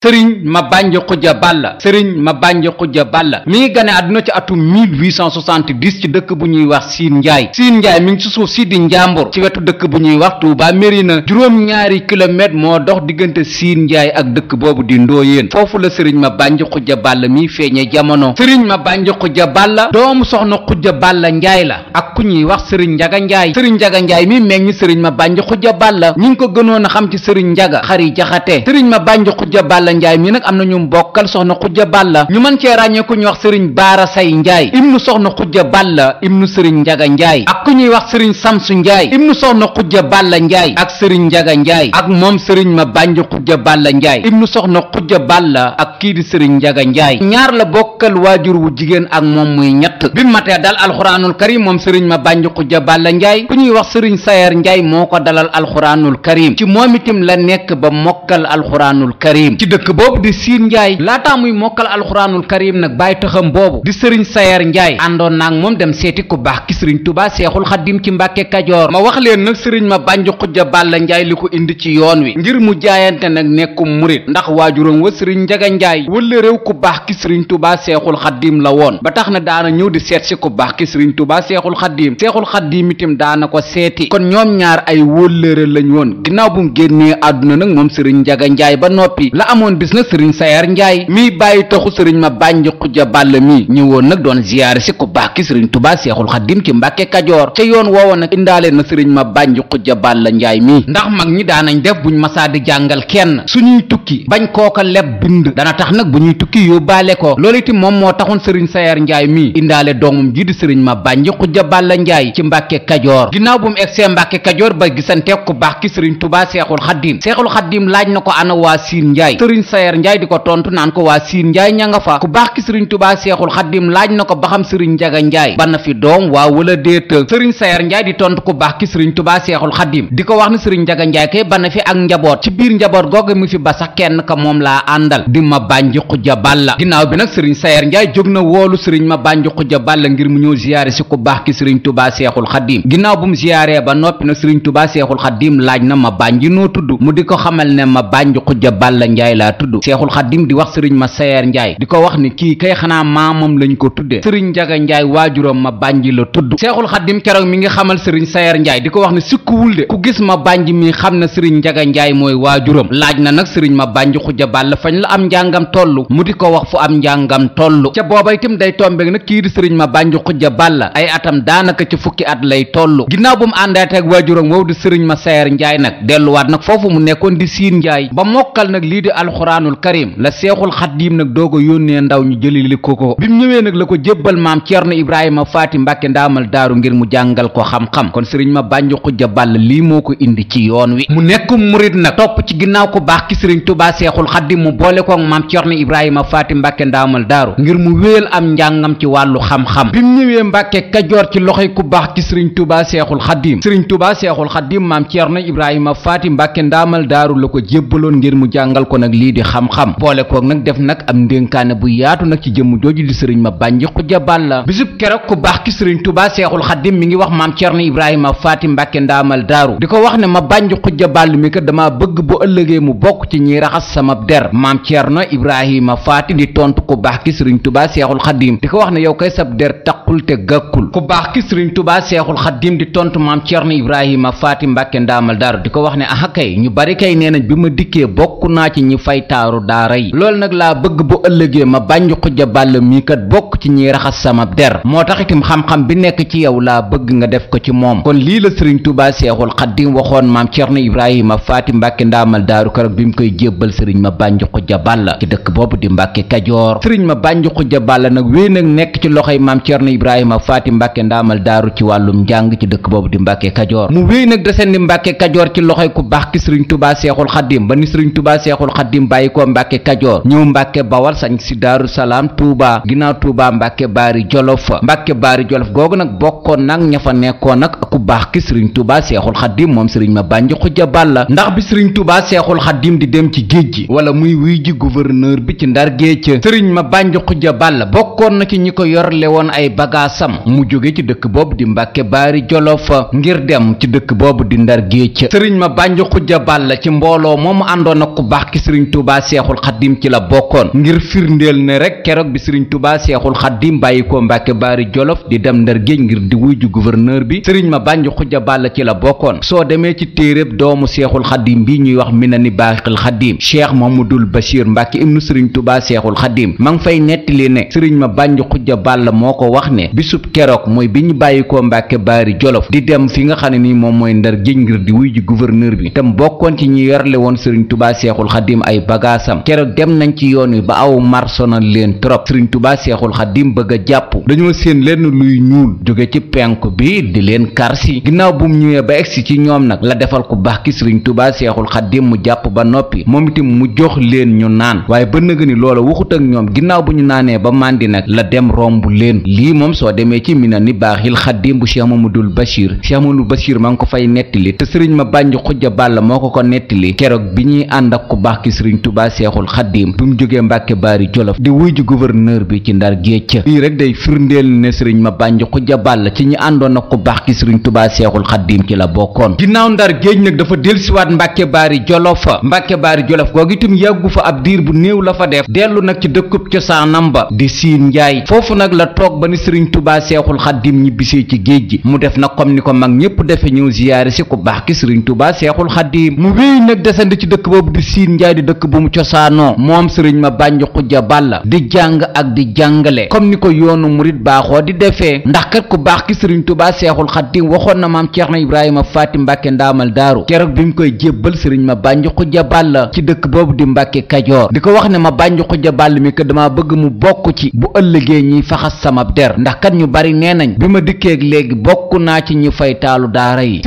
sëriñ Mabandji Khoudia Balla sëriñ Mabandji Khoudia Balla mi ngi gane àdduna ci atum 1870 ci dëkk bu ñuy wax Siin Njaay Siin Njaay mi ngi ci suuf si di Njàmbur ci wetu dëkk bu ñuy wax Tuuba Mérina juróom-ñaari kilomètre moo dox diggante Siin Njaay ak dëkk boobu di Ndóoyeen foofu la sëriñ Mabandji Khoudia Balla mii feeñe jamono sëriñ Mabandji Khoudia Balla doomu soxna Khoudia Balla Njaay la ak ku ñuy wax sëriñ Njaga Njaay sëriñ Njaga Njaay mi meññ sëriñ Mabandji Khoudia Balla ñi ngi ko gënoon a xam ci sëriñ Njaga Xari Jaxate sëriñ Mabandji Balla Njaay mi nag am na ñu mbokkal soxna xujja Balla ñu mën cee ràññee ku ñuy wax sëriñ Baara Say Njaay ibnu soxna xujja Balla ibnu sëriñ Njaga Njaay ak ku ñuy wax sëriñ Samsu Njaay ibnu soxna xujja Balla Njaay ak sëriñ Njaga Njaay ak moom sëriñ ma bànj xujja Balla Njaay ibnu soxna xujja Balla ak kii di sëriñ Njaga Njaay ñaar la bokkal waajur wu jigéen ak moom muy ñett bi mu matee dal alxuraanul karim moom sëriñ ma bànj xujja Balla Njaay ku ñuy wax sëriñ Sayer Njaay moo ko dalal alxuraanul karim ci moom la nekk ba mokkal alxuraanul karim dëkk boobu di siin njaay laataa muy mokkal alxuraanul karim nag bàyyi taxam boobu di sëriñ sayer njaay àndoon naag moom dem seeti ku baax ki sëriñ tubaa seexul xaddim ci mbàkke kajoor ma wax leen nag sëriñ ma bànj xujja bàlla njaay li ko indi ci yoon wi ngir mu jaayante nag nekkum murit ndax waajuram wa sëriñ njaga njaay wëlle réew ku baax ki sëriñ tubaa seexul xaddim la woon ba tax na daana ñëw di seet si ku baax ki sëriñ tubaa seexul xaddim seexul xaddim itam daana ko seeti kon ñoom ñaar ay wëllëre lañ woon ginnaaw bu mu génnee àdduna nag moom sëriñ njaga njaay ba noppi ba bis nag sëriñ sayaar njaay miy bàyyi taxu sëriñ ma bànj xuja bàll mi ñëwoon nag doon ziyaare si ku baax ki sëriñ tubaa seexul xaddim ci mbàkke kajoor ca yoon woowa nag indaale na sëriñ ma bànj xuja bàll njaay mi ndax mag ñi daanañ def buñ masaa di jàngal kenn suñuy tukki bañ kooka leb bind dana tax nag bu ñuy tukki yóbbaale ko loolu moom moo taxoon sëriñ sayaar njaay mi indaale doomum ji di sëriñ ma bànj xuja bàll njaay ci mbàkke kajoor ginnaaw bu mu egsee mbàkke kajoor ba gisante ku baax ki sëriñ tubaa seexul xaddim seexul xaddim laaj na ko ana waa siin njaay sëriñ sayer njaay di ko tontu naan ko waa siin njaay ña nga fa ku baax ki sëriñ tubaa seexul xaddim laaj na ba ba na fi doom waa wala déet sëriñ sayer njaay di tontu ku baax ki sëriñ tubaa seexul xaddim di ko wax ni sëriñ njaga njaay kay ba na fi ba sax kenn ka moom laa àndal di ma bànji xujja bàlla ginnaaw bi nag sëriñ sayer njaay jóg na woolu sëriñ ma bànji xujja bàlla ngir mu ñëw ziyaare si ba noppi nag sëriñ tubaa seexul xaddim laaj na ma bànji noo tudd mu di ko xamal ne ma bànji xujja bàlla njaay la laa tudd seexul xaddim di wax sëriñ ma sayeer njaay di ko wax ni kii kay xanaa maamam lañ ko tudde sëriñ njaga njaay waajuram ma bànji la tudd seexul xaddim keroog mi ngi xamal sëriñ sayeer njaay di ko wax ni sikkuwul de xam na sëriñ njaga njaay mooy waajuram laaj na nag sëriñ ma bànji xuja bàll fañ la am njàngam toll mu di ko wax fu am njàngam toll ca booba itam day tombeek nag kii di sëriñ ma bànji xuja bàll ay atam daanaka ci fukki at lay toll ginnaaw bu mu àndaate waajuram wow di sëriñ ma sayeer njaay nag delluwaat nag foofu mu nekkoon di njaay nag lii alxuraanul karim la seexul xaddiim nag doo ko yónnee ndaw ñu jëli li ko ko bi mu ñëwee nag la ko jébbal maam na ibrahima faati mbàkke ndaamal daaru ngir mu jàngal ko xam-xam kon sëriñ ma bànj xujja bàll lii moo ko indi ci yoon wi mu nekk murit nag topp ci ginnaaw ku baax ki sëriñ tubaa seexul xaddiim mu boole ko ak maam na ibrahima faati mbàkke ndaamal daaru ngir mu wéyal am njàngam ci wàllu xam-xam bi mu ñëwee mbàkke kajoor ci loxoy ku baax ki sëriñ tubaa seexul xaddiim sëriñ tubaa seexul xaddiim maam ceerno ibrahima faati mbàkke ndaamal daaru ko jébbaloon ngir mu jàngal nag lii lii di xam-xam boole koog nag def nag am ndénkaane bu yaatu nag ci jëmm jooju di sëriñ ma bànji xuja balla bisub keroog ku baax ki sëriñ tubaa seexul xaddim wax maam cerno ibrahima faati mbàkke ndaamal daaru di ko wax ne ma bànji xuja ball mi kat dama bëgg bu ëllëgee mu bokk ci ñiy raxas di tontu ku baax ki sëriñ tubaa seexul xaddim di ko wax ne yow kay sab der taqul te gàkkul ku baax ki sëriñ tubaa seexul xaddim di tontu maam cerno ibrahima faati mbàkke ndaamal daaru di ko wax ne aha ñu bari kay nee bi ma dikkee bokk naa ci ñi fay taaru daara yi loolu nag laa bëgg bu ëllëgee ma bànj xujja bàll mii kat bokk ci ñiy raxas sama der moo tax itam xam-xam bi nekk ci yow laa bëgg nga def ko ci moom kon lii la sëriñ Tuubaa Seexul Xaddim waxoon maam Cerno Ibrahima Faati Mbàkke ndaamal daaru karog bi mu koy jébbal sëriñ ma bànj xujja bàll ci dëkk boobu di Mbàkke Kajoor sëriñ ma bànj xujja bàll nag wéy nag nekk ci loxoy maam Cerno Ibrahima Faati Mbàkke ndaamal daaru ci wàllum njàng ci dëkk boobu di Mbàkke Kajoor ci loxoy ku baax ki xaadim bàyyi ko mbàkke kajoor ñëw mbàkke bawal sañ si daaru salaam tuubaa ginnaaw tuubaa mbàkke baari jolof mbàkke baari jolof googu nag bokkoon nag ña fa nekkoon nag ku baax ki sëriñ tuubaa seexul xaadim moom sëriñ ma bànji xujja bàlla ndax bi sëriñ tuubaa seexul xaadim di dem ci géej gi wala muy wuy ji gouverneur bi ci ndar géej sëriñ ma bànji xujja bàlla bokkoon na ci ñi ko yorle woon ay bagaasam mu jóge ci dëkk boobu di mbàkke baari jolof ngir dem ci dëkk boobu di ndar géej sëriñ ma bànji xujja bàlla ci mbooloo moomu sëriñ tubaa seexul xaddim ci la bokkoon ngir firndeel ne rek keroog bi sëriñ tubaa seexul xaddim bàyyi ko mbàkke baari jolof di dem ndar géej ngir di wuy gouverneur bi sëriñ ma bànj xujja bàll ci la bokkoon soo demee ci téeréb doomu seexul xaddim bi ñuy wax mi na ni baaxil xaddim cheikh mamadul bachir mbàkke ibnu sëriñ tubaa seexul xaddim ma ngi fay nettali ne sëriñ ma bànj xujja bàll moo ko wax ne bisub keroog mooy bi ñu bàyyi ko mbàkke baari jolof di dem fi nga xam ne ni moom mooy ndar géej ngir di wuy ji gouverneur bi tam bokkoon ci ñi yorle woon sëriñ tubaa seexul xaddim ay ay bagaasam keroog dem nañ ci yoon yi ba aw mar sonal leen trop sëriñ tubaa seexul xadim bëgg a jàpp dañoo séen lenn luy ñuul jóge ci penk bi di leen karsi ginnaaw bu mu ñëwee ba egsi ci ñoom nag la defal ku baax ki sëriñ tubaa seexul xadim mu jàpp ba noppi moom itam mu jox leen ñu naan waaye ba nëga ni loola waxut ak ñoom ginnaaw bu ñu naanee ba màndi nag la dem romb leen lii moom soo demee ci mina ni baaxil xadim bu cheikh mamadul bachir cheikh mamadul bachir ma ngi ko fay nettali te sëriñ ma bànj xujja bàll moo sëriñ tubaa seexul xaddiim bi mu jógee mbàkke baari jolof di wuy ji gouverneur bi ci ndar géej lii rek day firndeel ne sëriñ ma bànj xuja bàll ci ñi àndoon ak ku baax ki sëriñ tubaa seexul xaddiim ci la bokkoon ginnaaw ndar géej nag dafa dellusiwaat mbàkke baari jolof mbàkke baari jolof googu itam yàggu fa ab diir bu néew la fa def dellu nag ci dëkkub cosaanam ba di siin njaay foofu nag la toog ba ni sëriñ tubaa seexul xaddiim ñibbisee ci géej gi mu def nag comme ni ko mag ñépp defe ñëw ziyaare si ku baax dëkk bu mu cosaanoo moom sëriñ ma bànj xujja bàlla di jàng ak di jàngale comme ni ko yoonu murit baaxoo di defee ndax kat ku baax ki sëriñ tubaa seexul xaddim waxoon na maam ceerno ibrahima faati mbàkke ndaamal daaru keroog bi mu koy jébbal sëriñ ma bànj xujja bàlla ci dëkk boobu di mbàkke kajoor di ko wax ne ma bànj xujja bàll mi ko dama bëgg mu bokk ci bu ëllëgee ñiy faxas sama der ndax kat ñu bari nee nañ bi ma dikkeeg léegi bokk naa ci ñi fay taalu yi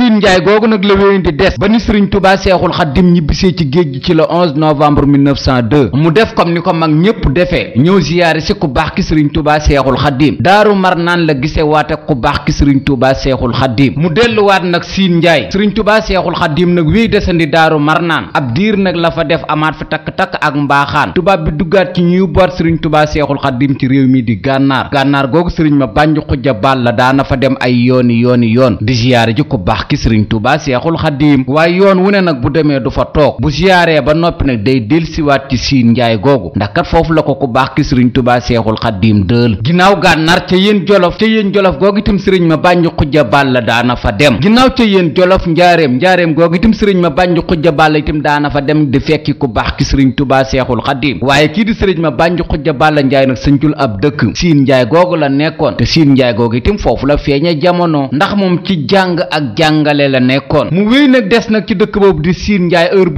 novembre 1902 mu def comme ni ko mag ñépp defee ñëw ziyaare si ku baax ki sëriñ tubaa seexul xaddiim daaru marnaan la gise waate ku baax ki sëriñ tubaa seexul xaddiim mu delluwaat nag siin njaay sëriñ tubaa seexul xaddiim nag wéy desandi daaru marnaan ab diir nag la fa def amaat fa takk-takk ak mbaaxaan tubaab bi duggaat ci ñuy boot sëriñ tubaa seexul xaddiim ci réew mii di gànnaar gànnaar googu sëriñ ma bànj xujja baal la daana fa dem ay yooni yooni yoon di ziyaare ji ku ki sëriñ tubaa seexul xaddiim waaye yoon wu ne nag bu demee du fa toog bu ziyaaree ba noppi nag day delsiwaat ci siin njaay googu ndax kat foofu la ko ku baax ki sëriñ tubaa seexul xaddiim dëël ginnaaw gànnaar ca yéen jolof ca yéen jolof googu itam sëriñ ma bànj xujja bàll daana fa dem ginnaaw ca yéen jolof njaareem njaareem googu itam sëriñ ma bànj xujja bàll itam daana fa dem di fekki ku baax ki sëriñ tubaa seexul xaddiim waaye kii di sëriñ ma bànj xujja bàll njaay nag sëñcul ab dëkk siin njaay googu la nekkoon te siin njaay googu itam foofu la feeñe jamono ndax moom ci jàng ak jàngale la nekkoon mu wéy nag des nag ci dëkk boobu di siin njaay heure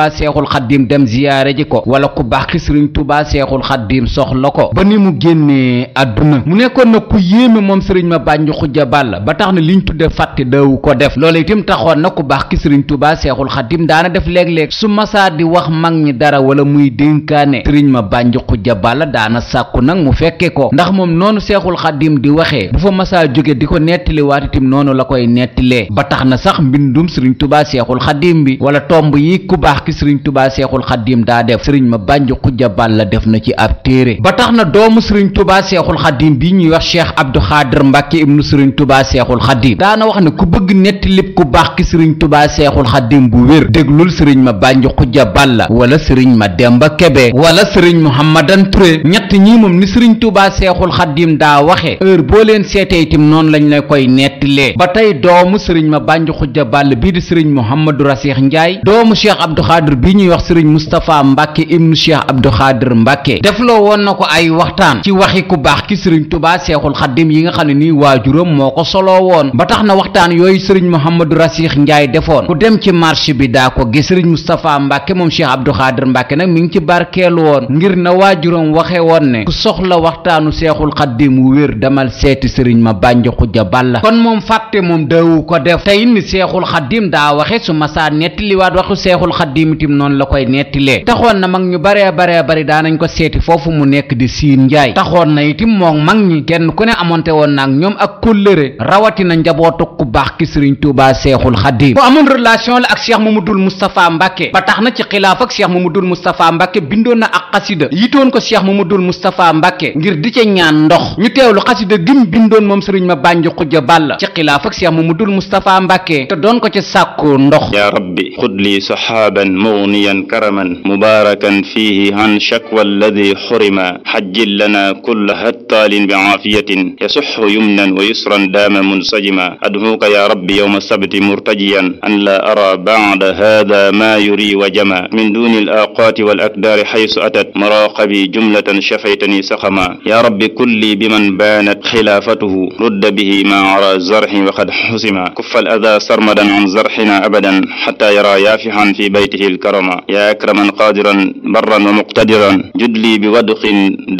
Touba Seexul Xaddiim dem ziyaare ji ko wala ku baax ki Sëriñ Touba Seexul Xaddiim soxla ko ba ni mu génnee àdduna mu nekkoon na ku yéeme moom sëriñ ma bàññi xujja bàll ba tax na liñ tudde fàtte daawu ko def loolu itam taxoon na ku baax ki Sëriñ Touba Seexul Xaddiim daana def léeg-léeg su masaa di wax mag ñi dara wala muy dénkaane sëriñ ma bàññi xujja bàll daana sàkku nag mu fekke ko ndax moom noonu Seexul Xaddiim di waxee bu fa masaa jóge di ko nettile nettaliwaat itam noonu la koy nettilee ba tax na sax mbindum Sëriñ Touba Seexul Xaddiim bi wala tomb yi baax ki sëriñ tubaa seexul xaddiim daa def sëriñ ma bànj xujja balla def na ci ab téere ba tax na doomu sëriñ tubaa seexul xaddiim bi ñuy wax cheikh abdou xaadir mbàkke ibnu sëriñ tubaa seexul xaddiim daana wax na ku bëgg netti lépp ku baax ki sëriñ tubaa seexul xaddiim bu wér déglul sëriñ ma bànj xujja balla wala sëriñ ma demba kebe wala sëriñ muhammadan ture ñett ñii moom ni sëriñ tubaa seexul xaddim daa waxe heure boo leen seetee itam noonu lañ la koy nettalee ba tey doomu sëriñ ma bànj xujja bàll bii di sëriñ mouhamadou raseex njaay doomu cheikh abdou xaadir bii ñuy wax sëriñ moustapha mbàkke ibnu cheikh abdou xaadir mbàkke defloo woon na ko ay waxtaan ci waxi ku baax ki sëriñ tubaa seexul xaddim yi nga xam ne nii waajuram moo ko soloo woon ba tax na waxtaan yooyu sëriñ mouhamadou raseex njaay defoon ku dem ci marché bi daa ko gis sëriñ moustapha mbàkke moom cheikh abdou xaadir mbàkke nag mi ngi ci barkeelu woon ngir na waajuram waxe woon waxoon ne ku soxla waxtaanu seexul xaddim wu wér demal seeti sëriñ ma bànj xujja balla kon moom fàtte moom daawu ko def tey ni seexul xaddim daa waxe su masaa nettaliwaat waxu seexul xaddim itam noonu la koy nettalee taxoon na mag ñu baree baree daa daanañ ko seeti foofu mu nekk di siin njaay taxoon na itam moom mag ñi kenn ku ne amonte woon naag ñoom ak kóllëre rawatina njabootu ku baax ki sëriñ tuubaa seexul xaddim ku amoon relation la ak cheikh ba tax na ci xilaaf ak cheikh mamadul moustapha mbàkke bindoon na ak xasida yitoon ko cheikh Moustapha Mbacke ngir di ca ñaan ndox ñu teewlu xasida gim bindoon moom sëriñ ma bànj xujja bàll ci xilaaf ak Cheikh Mamadul Moustapha Mbacke te doon ko ci sàkku ndox ya rabbi xud li saxaaban mugniyan karaman mubarakan fihi an shakwa alladi xurima xajjil lana kulla hattaalin bi aafiyatin yasuxu yumnan wa yusran daama munsajima adhuuka ya rabbi yowma sabti murtajiyan an la ara bacda hada ma yuri wa jama min duni al aaqaati wal akdaari xaysu atat maraqabi jumlatan شفيتني سقما يا رب كلي بمن بانت خلافته رد به ما عرى زرحي وقد حسما كف الأذى سرمدا عن زرحنا أبدا حتى يرى يافحا في بيته الكرما يا أكرما قادرا برا ومقتدرا جدلي بودق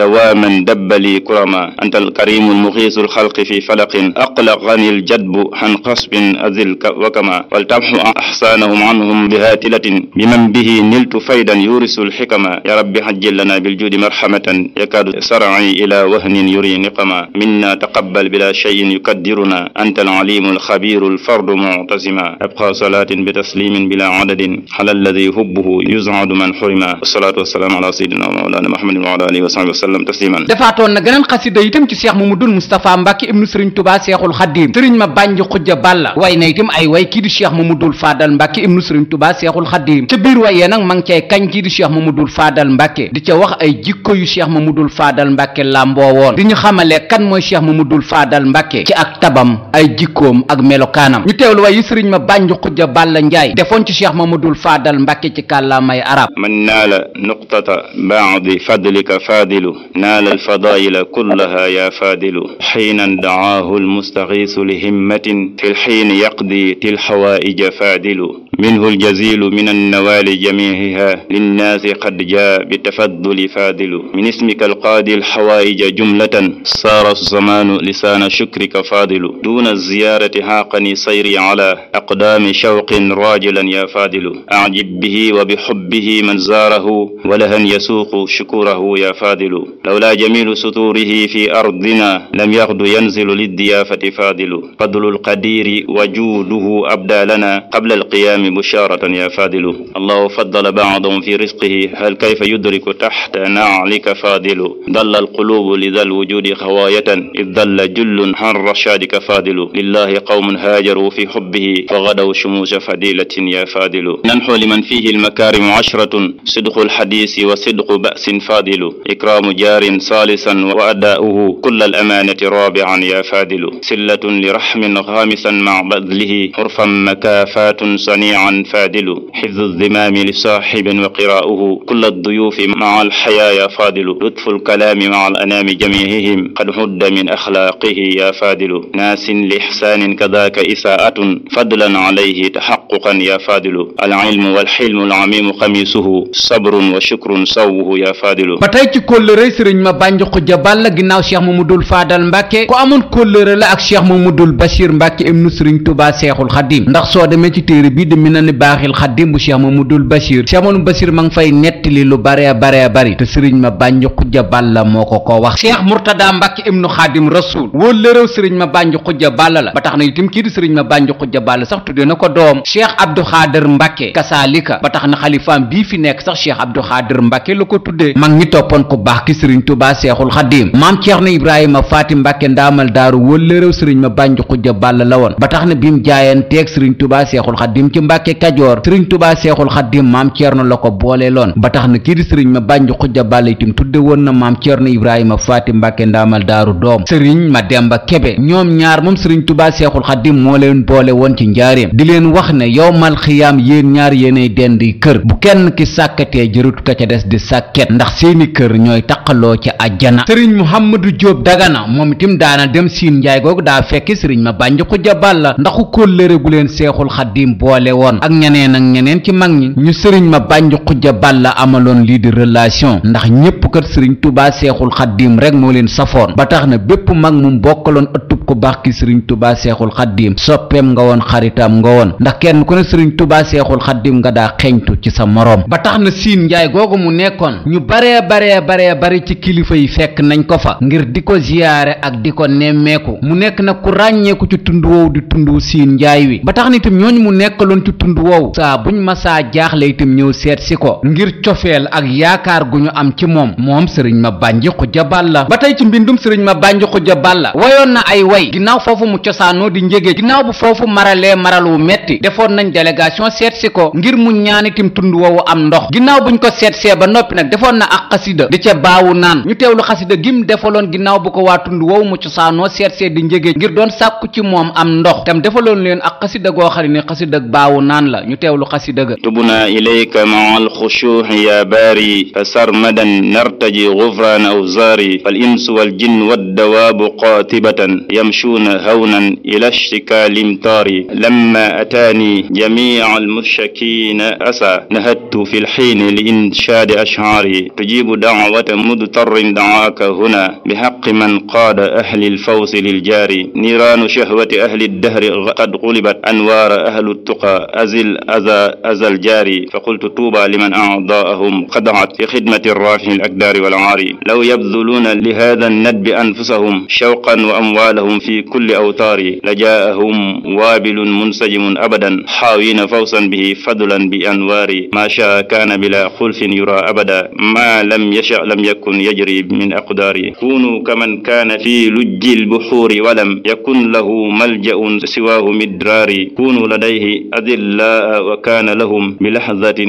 دواما دب لي كرما أنت الكريم المخيس الخلق في فلق أقلقني الجدب عن قصب أذل وكما ولتمحو أحسانهم عنهم بهاتلة بمن به نلت فيدا يورث الحكما يا رب حجل لنا بالجود مرحمة يكاد سرعي إلى وهن يري نقما منا تقبل بلا شيء يكدرنا أنت العليم الخبير الفرد معتزما أبقى صلاة بتسليم بلا عدد على الذي هبه يزعد من حرما والصلاة والسلام على سيدنا ومولانا محمد وعلى آله وصحبه وسلم تسليما defaatoon na geneen xasida itam ci Cheikh Mamadou Moustapha Mbacké ibnu Serigne Touba Cheikhoul Khadim Serigne ma bànj xujja balla way na itam ay way kii di Cheikh Mamadou Fadal Mbacké ibnu Serigne Touba Cheikhoul Khadim ca biir wayee nag ma ngi cay kañ kii di Cheikh Mamadou Fadal Mbacké di ca wax ay jikko yu Cheikh mamadul faadal mbàkke làmboo woon di ñu xamale kan mooy cheikh mamadul faadal mbàkke ci ak tabam ay jikkoom ak melokaanam ñu teewlu waaye sëriñ ma bànj xujja bàlla njaay defoon ci cheikh mamadul faadal mbàkke ci kàllaamay arab man naala nuqtata baadi fadlika faadilu naala alfadaila kullaha ya faadilu xiinan daahu almustaxiisu lihimmatin fi lxiin yaqdi tilxawaaija faadilu minhu aljazilu min annawaali jamiiha linnaasi qad jaa bi tafadduli faadilu كريمك القاضي الحوائج جملة صار الزمان لسان شكرك فاضل دون الزيارة هاقني سيري على أقدام شوق راجلا يا فاضل أعجب به وبحبه من زاره ولهن يسوق شكوره يا فاضل لولا جميل سطوره في أرضنا لم يغد ينزل للضيافة فاضل فضل القدير وجوده أبدى لنا قبل القيام بشارة يا فاضل الله فضل بعضهم في رزقه هل كيف يدرك تحت نعلك فاضل فاضل ضل القلوب لذا الوجود خواية إذ ضل جل عن رشادك فاضل لله قوم هاجروا في حبه فغدوا شموس فديلة يا فاضل ننحو لمن فيه المكارم عشرة صدق الحديث وصدق بأس فاضل إكرام جار ثالثا وأداؤه كل الأمانة رابعا يا فاضل سلة لرحم غامسا مع بذله عرفا مكافات صنيعا فاضل حفظ الذمام لصاحب وقراؤه كل الضيوف مع الحيا يا فاضل لطف الكلام مع الأنام جميعهم قد حد من أخلاقه يا فاضل ناس لإحسان كذاك إساءة فضلا عليه تحققا يا فاضل العلم والحلم العميم قميصه صبر وشكر سوه يا فاضل ba tey ci kóllëre sëriñ ma bànj xuja bàll ginnaaw cheikh mamadul faadal mbàkke ku amoon kóllëre la ak cheikh mamadul bachir mbàkke ibnu sëriñ tubaa seexul xadim ndax soo demee ci téere bi di mi na ni baaxil xadim bu cheikh mamadul bachir cheikh mamadul bachir ma ngi fay nettali lu bare bare bari te sëriñ ma bànj xujja bàlla moo ko ko wax cheikh murtada mbàkke ibnu xaadim rasul wóllëréew sëriñ ma bànj xujja bàlla la ba tax na itam kii di sëriñ ma bànj xujja bàlla sax tudde na ko doom cheikh abdou xaadir mbàkke kasaalika ba tax na xalifaam bii fi nekk sax cheikh abdou xaadir mbàkke la ko tuddee mag ñi toppoon ku baax ki sëriñ tubaa seexul xadim maam ceerno ibrahima faati mbàkke ndaamal daaru wóllëréew sëriñ ma bànj xujja bàlla la woon ba tax na bi mu jaayan teeg sëriñ tubaa seexul xadim ci mbàkke kajoor sëriñ tubaa seexul xadim maam ceerno la ko boolee loon ba tax na kii woon na maam Cerno Ibrahima Faati Mbàkke ndaamal daaru doom sëriñ a Kebe ñoom ñaar moom sëriñ Tuubaa Seexul Xaddim moo leen boole woon ci njaareem di leen wax ne yowmal xiyaam yéen ñaar yéenay dendi kër bu kenn ki sàkkatee jërutu ka ca des di sàkket ndax seeni kër ñooy taqaloo ci ajjana sëriñ Muhammadu Jóob Dagana moom itam daana dem siin njaay googu daa fekki sëriñ ma bànj xuja bàlla ndaxu kóllëre gu leen Seexul Xaddim boole woon ak ñeneen ak ñeneen ci mag ñi ñu sëriñ ma bànj xuja bàlla amaloon lii di relation sëriñ tubaa seexul xaddiim rek moo leen safoon ba tax na bépp mag mum bokkaloon ëttub ku baax ki sëriñ tubaa seexul xaddiim soppeem nga woon xaritam nga woon ndax kenn ku ne sëriñ tubaa seexul xaddiim nga daa xeñtu ci sa moroom ba tax na siin njaay googu mu nekkoon ñu baree bare baree bari ci kilifa yi fekk nañ ko fa ngir di ko ziyaare ak di ko nemmeeku mu nekk nag ku ràññeeku ci tund woowu di wu siin njaay wi ba tax na itam ñooñu mu nekkaloon ci tund woowu saa buñ masaa jaaxle itam ñëw moom sëriñ ma bànji xuja bàlla ba tey ci mbindum sëriñ ma bànji xuja bàlla wayoon na ay way ginnaaw foofu mu cosaanoo di njégee ginnaaw bu foofu maralee maral wu metti defoon nañ délégation seet ko ngir mu ñaanitim tund woowu am ndox ginnaaw buñ ko seet see ba noppi nag defoon na ak xasida di ca baawu naan ñu teewlu xasida gim defaloon ginnaaw bu ko waa tund woowu mu cosaanoo seet see di njégee ngir doon sàkku ci moom am ndox tam defaloon leen ak xasida goo xam ne xasida baawu naan la ñu teewlu xasida ga tubna ilayka ma al xushuuxi ya baari أحتجي غفران أوزاري فالإنس والجن والدواب قاتبة يمشون هونا إلى اشتكال امتاري لما أتاني جميع المشكين أسى نهدت في الحين لإنشاد أشعاري تجيب دعوة مضطر دعاك هنا بحق من قاد أهل الفوز للجاري نيران شهوة أهل الدهر قد غلبت أنوار أهل التقى أزل أزى أزى الجاري فقلت طوبى لمن أعضاءهم خدعت في خدمة الراحل الأقدار والجهر والعار لو يبذلون لهذا الندب أنفسهم شوقا وأموالهم في كل أوتار لجاءهم وابل منسجم أبدا حاوين فوسا به فضلا بأنوار ما شاء كان بلا خلف يرى أبدا ما لم يشأ لم يكن يجري من أقدار كونوا كمن كان في لج البحور ولم يكن له ملجأ سواه مدرار كونوا لديه أذلاء وكان لهم بلحظة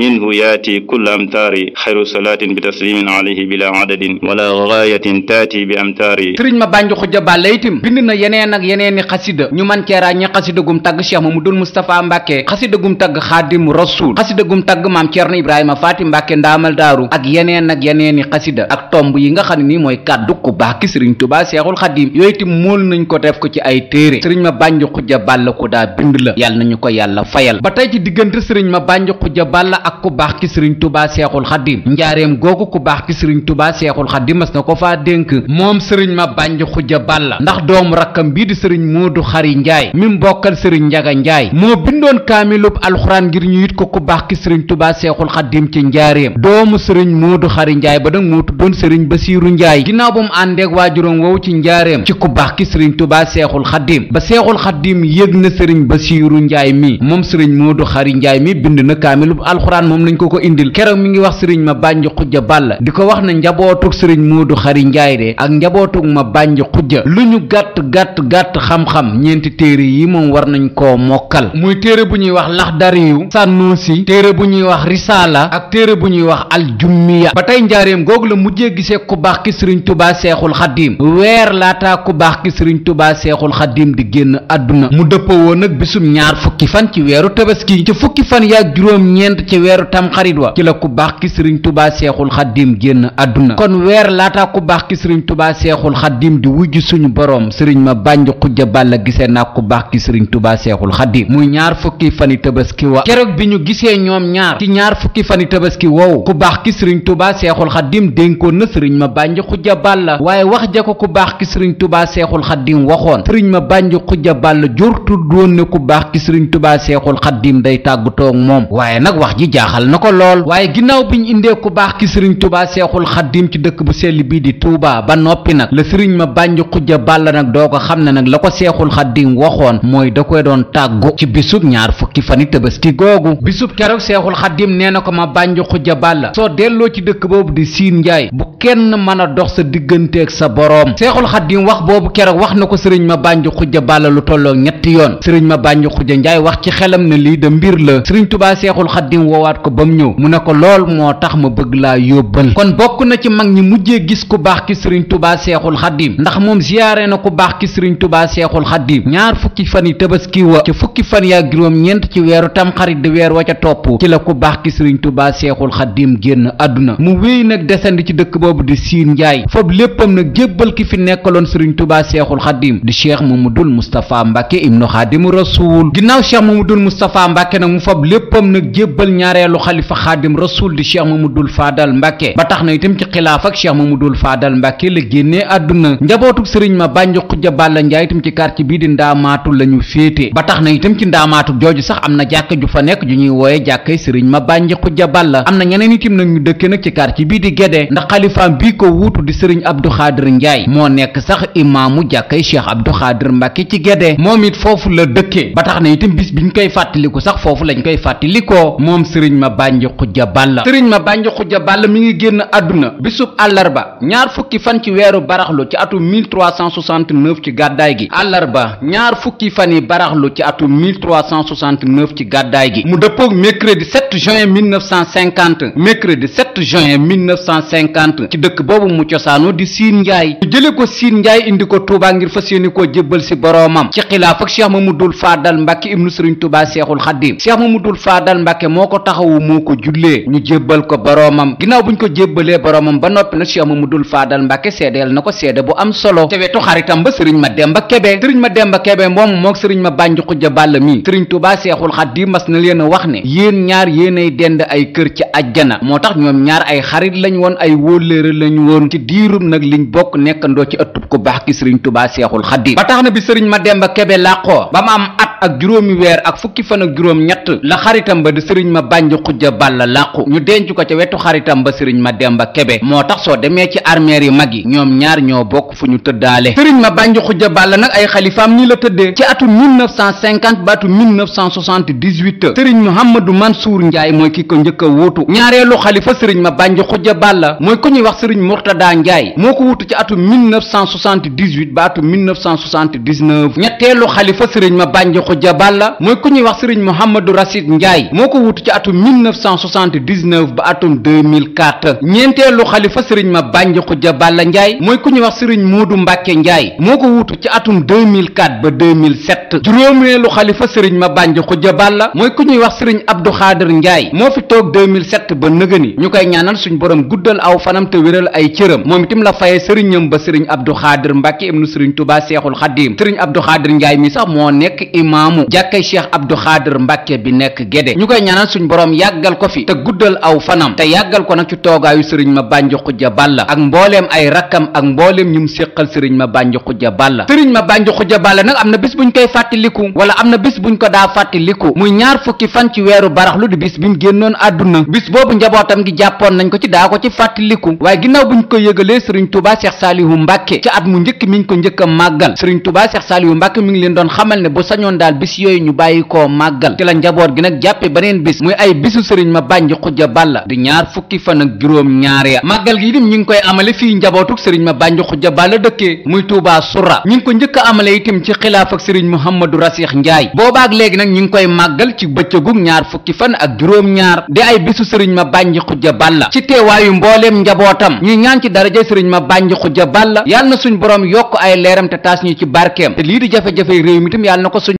منه ياتي كل أمتار خير صلاة بتسليم alayhi bila adadin wala gaayatin taati bi amtaari sëriñ ma bànj xuja bàlla itam bind na yeneen ak yeneeni xasida ñu man cee ràññee xasidagum tagg cheikh mamadul moustapha mbàkke xasidagum tagg xaadim rasul xasidagum tagg maam ceerno ibrahima faati mbàkke ndaamal daaru ak yeneen ak yeneeni xasida ak tomb yi nga xam ne nii mooy kàddu ku baax ki sëriñ tubaa seexul xadim yooyu itam mool nañ ko def ko ci ay téere sëriñ ma bànj xuja bàlla ko daa bind la yàlla ñu ko yàlla fayal ba tey ci diggante sëriñ ma bànj xuja bàlla ak ku baax ki sëriñ tubaa seexul xadim njaareem googu ku baax ki sëriñ tubaa seexul xaddim mas na ko faa dénk moom sëriñ ma bànj xujja balla ndax doomu rakkam bii di sëriñ moodu xari njaay mi mbokkal sëriñ njaga njaay moo bindoon kaamilub alxuraan ngir ñu yit ko ku baax ki sëriñ tubaa seexul xaddim ci njaareem doomu sëriñ moodu xari njaay ba nag moo tuddoon sëriñ basiiru njaay ginnaaw ba mu àndeeg waajuram woowu ci njaareem ci ku baax ki sëriñ tubaa seexul xaddim ba seexul xaddim yëg na sëriñ basiiru njaay mi moom sëriñ moodu xari njaay mi bind na kaamilub alxuraan moom lañ ko ko indil keroog mi ngi wax sëriñ ma bànj xujja balla di ko wax na njabootug sëriñ du Xari Njaay de ak njabootug ma bànj xujja lu ñu gàtt gàtt gàtt xam-xam ñeenti téere yi moom war nañ koo mokkal muy téere bu ñuy wax Laxdariyu si téere bu ñuy wax Risaala ak téere bu ñuy wax Aljummiya ba tey njaareem googu la mujjee gisee ku baax ki sëriñ Tubaa Seexul Xaddiim weer laata ku baax ki sëriñ Tubaa Seexul Xaddiim di génn àdduna mu dëppoo woon nag bisum ñaar fukki fan ci weeru tabaski ci fukki fan yaag juróom ci weeru tamxarit wa ci la ku baax ki sëriñ Tubaa génn àdduna kon weer laata ku baax ki sëriñ tubaa seexul xaddim di wujj suñu boroom sëriñ ma bànj xujja bàlla gisee naa ku baax ki sëriñ tubaa seexul xaddim muy ñaar fukki fani tabaski wa keroog bi ñu gisee ñoom ñaar ci ñaar fukki fani tabaski wow ku baax ki sëriñ tubaa seexul xaddim dénkoon na sëriñ ma bànj xujja bàlla waaye wax ja ko ku baax ki sëriñ tubaa seexul xaddim waxoon sëriñ ma bànj xujja bàlla jortu doon ne ku baax ki sëriñ tubaa seexul xaddim day tàggu toog moom waaye nag wax ji jaaxal na ko lool waaye ginnaaw biñ indee ku baax ki sëriñ tubaa seexul xaddim ci dëkk bu sell bii di Touba ba noppi nag la sëriñ ma bànj xujja bàlla nag doo ko xam ne nag la ko seexul xaddim waxoon mooy da koy doon tàggu ci bisub ñaar fukki fani tabaski googu bisub keroog seexul xaddim nee na ko ma bànj xujja bàlla soo delloo ci dëkk boobu di siin njaay bu kenn mën a dox sa digganteeg sa borom seexul xaddim wax boobu keroog wax na ko sëriñ ma bànj xujja bàlla lu tolloo ñetti yoon sëriñ ma bànj xujja njaay wax ci xelam ne lii de mbir la sëriñ tubaa seexul xaddim ko ba mu ñëw mu ne kon bokk na ci mag ñi mujjee gis ku baax ki sëriñ tubaa seexul xaddiim ndax moom ziyaare na ku baax ki sëriñ tubaa seexul xaddiim ñaar fukki fan yi tabaski wa ci fukki fan yaa juróom ñeent ci weeru tamxarit di weer wa ca topp ci la ku baax ki sëriñ tubaa seexul xaddiim génn àdduna mu wéy nag desandi ci dëkk boobu di siin njaay foofu léppam nag jébbal ki fi nekkaloon sëriñ tubaa seexul xaddiim di cheikh mamadul mustapha mbàkke ibnu xaadimu rasuul ginnaaw cheikh mamadul mustapha mbàkke nag mu fab léppam nag jébbal ñaareelu xalifa xaadim rasuul di cheikh mamadul faadal mbàkke tax na itam ci xilaaf ak cheikh mamadul faadal mbàkke la génnee àdduna njabootug sëriñ ma bànj xujja bàlla njaay itam ci quartier bii di ndaamaatu la ñu féete ba tax na itam ci ndaamaatu jooju sax am na jàkk ju fa nekk ju ñuy wooye jàkkay sëriñ ma bànj xujja bàlla am na ñeneen itam nag ñu dëkke nag ci quartier bii di gédee ndax xalifaam bii ko wuutu di sëriñ abdu xaadir njaay moo nekk sax imaamu jàkkay cheikh abdu xaadir mbàkke ci gédee moom it foofu la dëkkee ba tax na itam bi ñu koy fàttaliku sax foofu lañ koy fàttalikoo moom sëriñ ma bànj xujja bàlla sëriñ ma bànj xujja bàlla mi ngi génn génn àdduna bisub àllarba ñaar fukki fan ci weeru baraxlu ci atum 1369 ci gàddaay gi àllarba ñaar fukki fan yi baraxlu ci atum 1369 ci gàddaay gi mu dëppoog mercredi 7 juin 1950 mercredi 7 juin 1950 ci dëkk boobu mu cosaano di Siin Njaay ñu jële ko Siin Njaay indi ko Touba ngir fas yéene koo jébbal si boroomam ci xilaaf ak Cheikh Mamadul Faadal Mbàkke ibnu Sëriñ Touba Seexul Xaddim Cheikh Mamadul Faadal Mbàkke moo ko taxawu moo ko jullee ñu jébbal ko boroomam ginnaaw buñ ko jébbalee boroomam ba noppi nag Cheikh Mamadul Faadal Mbàkke seedeel na ko seede bu am solo te wetu xaritam ba Sëriñ Mademba Kebe Sëriñ Mademba Kebe moom mook Sëriñ ma bànj xujja bàll mi Sëriñ Touba Seexul Xaddim mas na leen a wax ne yéen ñaar yéenay dend ay kër ci ajjana moo tax ñoom ñaar ay xarit lañ woon ay wóolleere lañ woon ci diirum nag liñ bokk nekkandoo ci ëttub ku baax ki sëriñ tubaa seexul xaddim ba tax na bi sëriñ ma demba kebe làqoo ba mu am at ak juróomi weer ak fukki fan ak juróom ñett la xaritam ba di sëriñ ma bànj xujja balla làqu ñu denc ko ca wetu xaritam ba sëriñ ma demba kebe moo tax soo demee ci armeer yi mag yi ñoom ñaar ñoo bokk fu ñu tëddaale sëriñ ma bànj xujja balla nag ay xalifaam nii la tëddee ci atu 1950 ba atu 1978 sëriñ mouhamadou mansour njaay mooy ki ko njëkk a wuutu ñaareelu xalifa sëriñ ma bànj xujja balla mooy ko ñuy wax sëriñ murtada njaay moo ko wuutu ci atu 1978 ba atu 1979 ñetteelu xalifa sëriñ ma bànj Khoja Balla mooy ku ñuy wax sëriñ Mouhamadou Rachid Ndiaye moo ko wutu ci atum 1979 ba atum 2004 ñeenteelu xalifa sëriñ ma bànj Khoja Balla Ndiaye mooy ku ñuy wax sëriñ Modou Mbacke Ndiaye moo ko wutu ci atum 2004 ba 2007 ñett juróomeelu xalifa sëriñ ma bànj xujja bàlla mooy ku ñuy wax sëriñ abdu xaadir njaay moo fi toog 2007 ba nëgëni ñu koy ñaanal suñ borom guddal aw fanam te wéral ay cëram moom itam la faye sëriñam ba sëriñ abdu xaadir mbàkke ibnu sëriñ tubaa seexul xadiim sëriñ abdu xaadir njaay mi sax moo nekk imaamu jàkkay cheikh abdu xaadir mbàkke bi nekk géde ñu koy ñaanal suñu borom yàggal ko fi te guddal aw fanam te yàggal ko nag ci toogaayu sëriñ ma bànj xujja bàlla ak mbooleem ay rakkam ak mbooleem ñum séqal sëriñ sëriñ ma bànj xujja bàlla nag fàttaliku wala am na bis buñ ko daa fàttaliku muy ñaar fukki fan ci weeru baraxlu di bis bi mu génnoon àdduna bis boobu njabootam gi jàppoon nañ ko ci daa ko ci fàttaliku waaye ginnaaw buñ ko yëgalee sëriñ Touba Cheikh Saliou Mbacke ci at mu njëkk mi ngi ko njëkk a màggal sëriñ Touba Cheikh Saliou Mbacke mi ngi leen doon xamal ne bu sañoon daal bis yooyu ñu bàyyi koo màggal ci la njaboot gi nag ba beneen bis muy ay bisu sëriñ ma bànj xujja balla di ñaar fukki fan ak juróom ñaar ya màggal gi itam ngi koy amale fii njabootuk sëriñ ma bànj xujja balla dëkkee muy Touba Soura ñi ngi ko njëkk a amale itam ci xilaaf ak sëriñ Mouhamed Mouhamadou Rasikh Ndiaye boobaak léegi nag ñu ngi koy màggal ci bëccëgu ñaar fukki fan ak juróom-ñaar di ay bisu sëriñ ma bànji xujja balla ci teewaayu mbooleem njabootam ñuy ñaan ci daraja sëriñ ma bànji xujja balla yàlla na suñ boroom yokk ay leeram te taas ñu ci barkeem te lii di jafe-jafe réew mi tam yàlla na ko suñ